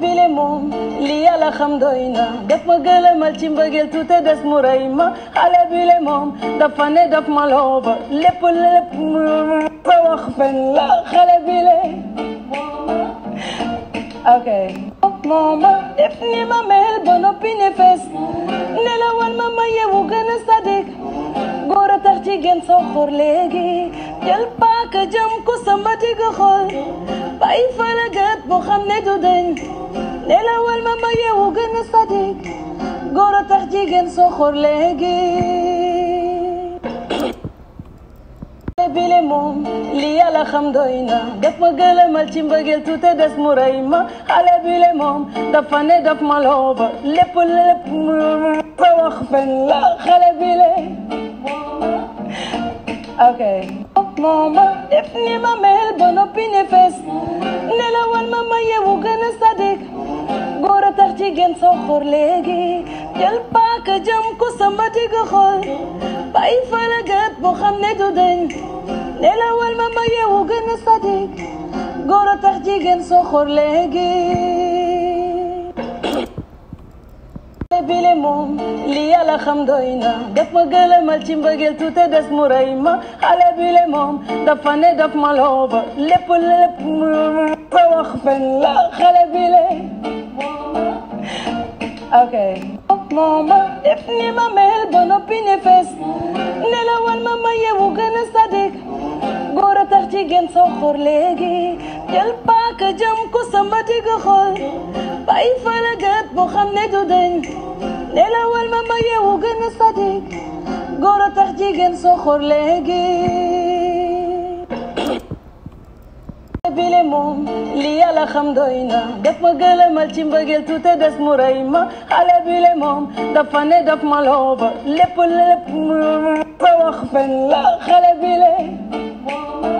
bile li yàlla xam doy na ma gëlëmal ci mbëggeel tuuti des mu rey ma xale bile moom dafa ne daf ma looba lépp lépp sa wax fen la xale bile ok mooma def ma mel ba noppi ne fees ma ma yewu gën a sadik góor a gën soo xor léegi ka jëm ku sama digg xol bàyyi faragat boo xam ne du dañ nelawal ma ma yeewu gën a sadik góor a tax jigéen soxor léegi bile moom li yàlla xam doy na daf ma gëlëmal ci mbëggeel tuuti des mu rëy ma xale bile moom dafa ne daf ma looba lépp lépp sa wax fen la xale bile ok mooma def ni ma mel ba ne fees nelawal ma ma yeewu gën a sadik góor a tax jigéen soo xor léegi jël paaka jëm ko sama digg xol bàyyi falagat bu xam du deñ nelawal ma ma yeewu gën a sadik góor a tax jigéen soo xor léegi li yàlla xam doy na daf ma gëlëmal ci mbëggeel tuuti des mu rëy ma xale bile moom dafa ne daf ma looba lépp lépp sa wax fen la xale bile ok mooma def ma mel ba noppi ne fees ne la ma ma yewu gën a sadik góor a tax jigéen soo xor léegi jël jam ko sama digg xol boo xam ne du deñ nelawal ma ma yeewu gën a sadik góor a tax jigéen soxor léegi bile moom yàlla xam doy daf ma gëlëmal ci mbëggeel des mu rëy ma xale bile moom dafa ne daf ma looba lépp lépp sa wax fen la xale bile